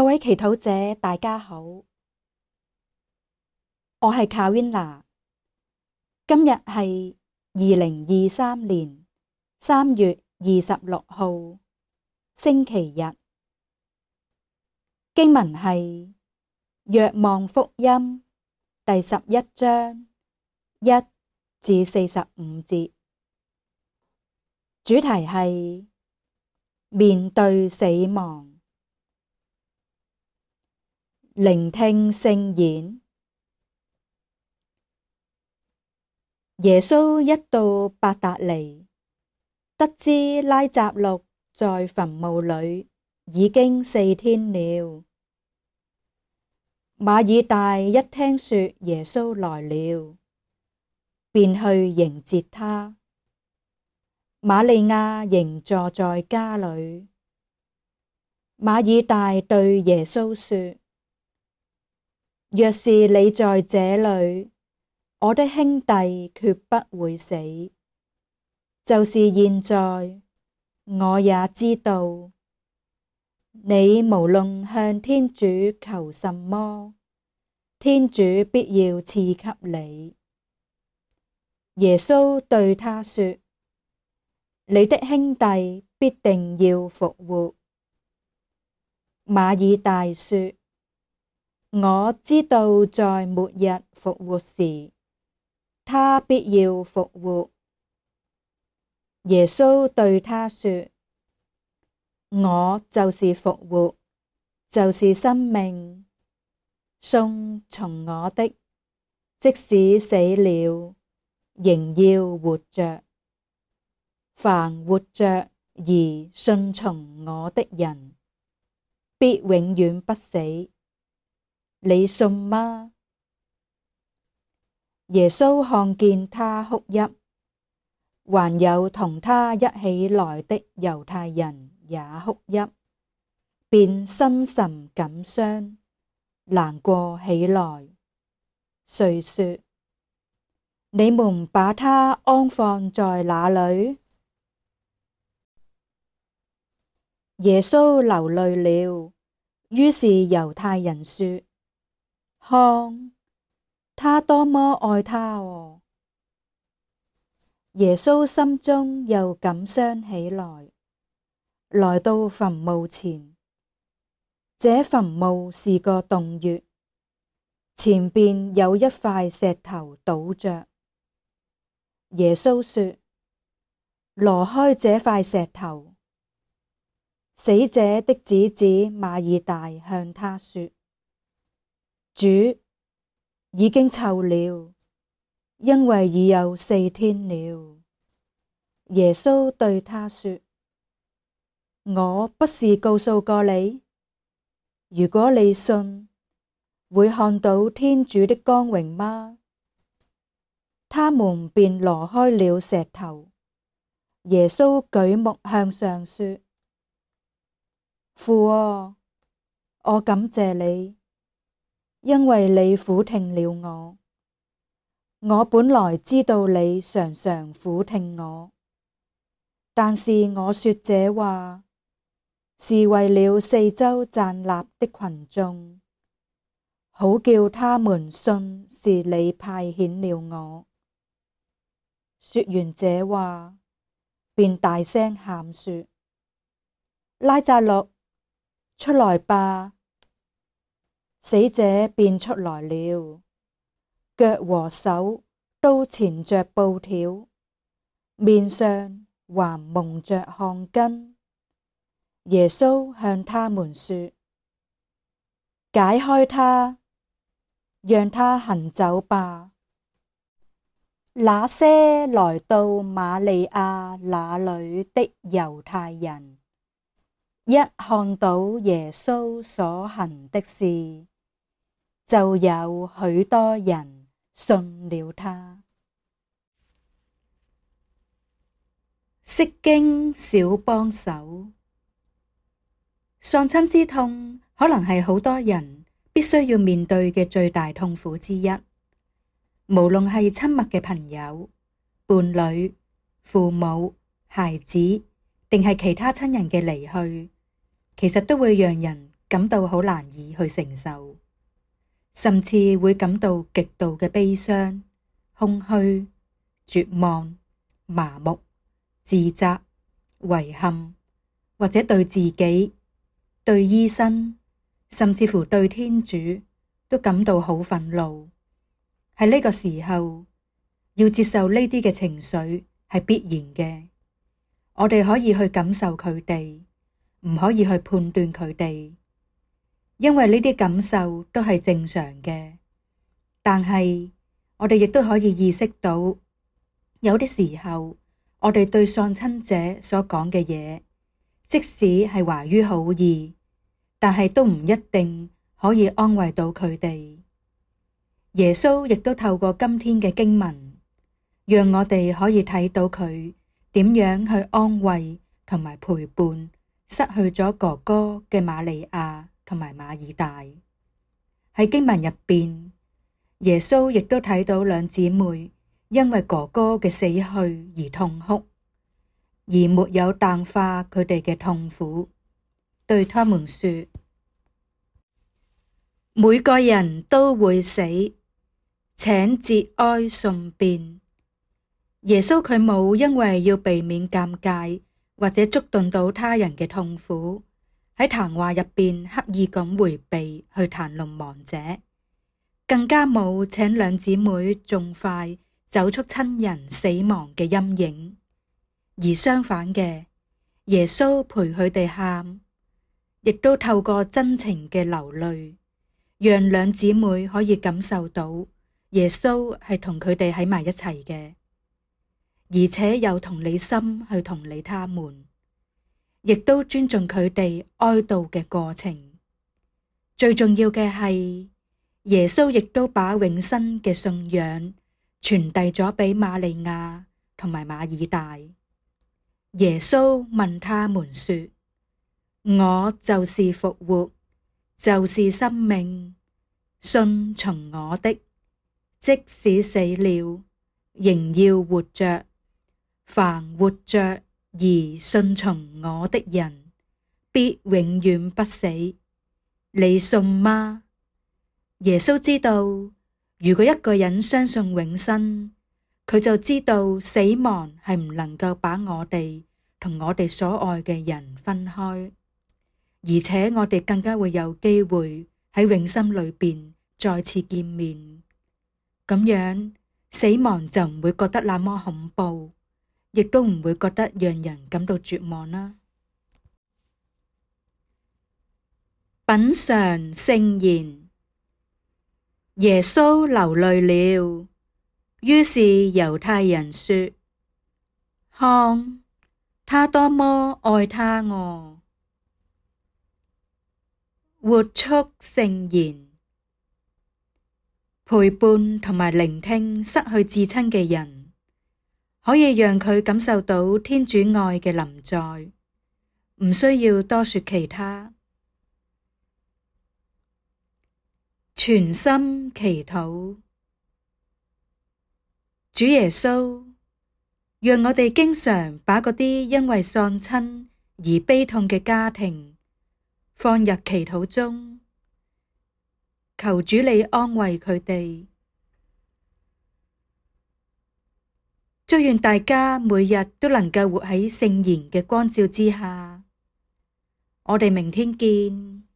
各位祈禱者，大家好，我係卡維娜。今日係二零二三年三月二十六號星期日，經文係《若望福音》第十一章一至四十五節，主題係面對死亡。聆聽聖言。耶穌一到伯達尼，得知拉匝祿在墳墓裏已經四天了。馬爾大一聽說耶穌來了，便去迎接他。瑪利亞仍坐在家裏。馬爾大對耶穌說。若是你在這裏，我的兄弟決不會死。就是現在，我也知道，你無論向天主求什麼，天主必要賜給你。耶穌對他說：你的兄弟必定要復活。馬爾大說：我知道在末日復活時，他必要復活。耶穌對他說：我就是復活，就是生命。信從我的，即使死了，仍要活着。凡活着而信從我的人，必永遠不死。.你信嗎？耶穌看見他哭泣，還有同他一起來的猶太人也哭泣，便心神感傷，難過起來。遂說，你們把他安放在那裏？耶穌流淚了，於是猶太人說。看，他多麼愛他哦！耶穌心中又感傷起來，來到墳墓前。這墳墓是個洞穴，前面有一塊石頭堵着。耶穌說：挪開這塊石頭。死者的姊姊馬爾大向他說。主已經臭了，因為已有四天了。耶穌對他說：我不是告訴過你，如果你信，會看到天主的光榮嗎？他們便挪開了石頭。耶穌舉目向上說：父啊，我感謝你。因為祢俯聽了我，我本來知道祢常常俯聽我，但是我說這話是為了四周站立的群眾，好叫他們信是祢派遣了我。說完這話，便大聲喊說：拉匝祿，出來罷！死者便出來了，腳和手都纏着布條，面上還蒙着汗巾。耶穌向他們說：解開他，讓他行走吧。那些來到瑪利亞那裡的猶太人，一看到耶穌所行的事，就有許多人信了他。釋經小幫手。喪親之痛，可能係好多人必須要面對嘅最大痛苦之一。無論係親密嘅朋友、伴侶、父母、孩子，定係其他親人嘅離去，其實都會讓人感到好難以去承受。甚至會感到極度嘅悲傷、空虛、絕望、麻木、自責、遺憾，或者對自己、對醫生，甚至乎對天主，都感到好憤怒。喺呢個時候，要接受呢啲嘅情緒係必然嘅。我哋可以去感受佢哋，唔可以去判斷佢哋。因為呢啲感受都係正常嘅。但係我哋亦都可以意識到，有啲時候我哋對喪親者所講嘅嘢，即使係懷於好意，但係都唔一定可以安慰到佢哋。耶穌亦都透過今天嘅經文，讓我哋可以睇到佢點樣去安慰同埋陪伴失去咗哥哥嘅瑪利亞同埋馬爾大喺經文入邊，耶穌亦都睇到兩姊妹因為哥哥嘅死去而痛哭，而沒有淡化佢哋嘅痛苦，對他們說：每個人都會死，請節哀順變。耶穌佢冇因為要避免尷尬或者觸動到他人嘅痛苦。喺談話入邊刻意咁迴避去談論亡者，更加冇請兩姊妹盡快走出親人死亡嘅陰影。而相反嘅，耶穌陪佢哋喊，亦都透過真情嘅流淚，讓兩姊妹可以感受到耶穌係同佢哋喺埋一齊嘅，而且有同理心去同理他們。亦都尊重佢哋哀悼嘅過程，最重要嘅係耶穌亦都把永生嘅信仰傳遞咗俾瑪利亞同埋馬爾大。耶穌問他們說：「我就是復活，就是生命，信從我的，即使死了，仍要活着，凡活着。而信從我的人必永遠不死，你信嗎？耶穌知道，如果一個人相信永生，佢就知道死亡係唔能夠把我哋同我哋所愛嘅人分開，而且我哋更加會有機會喺永生裏面再次見面。咁樣，死亡就唔會覺得那麼恐怖。亦都唔會覺得讓人感到絕望啦。品嘗聖言，耶穌流淚了，於是猶太人說：「看，他多麼愛他啊！」活出聖言，陪伴同埋聆聽失去至親嘅人。可以讓佢感受到天主愛嘅臨在，唔需要多說其他。全心祈禱。主耶穌，讓我哋經常把嗰啲因為喪親而悲痛嘅家庭放入祈禱中，求主你安慰佢哋。祝願大家每日都能夠活喺聖言嘅光照之下。我哋明天見。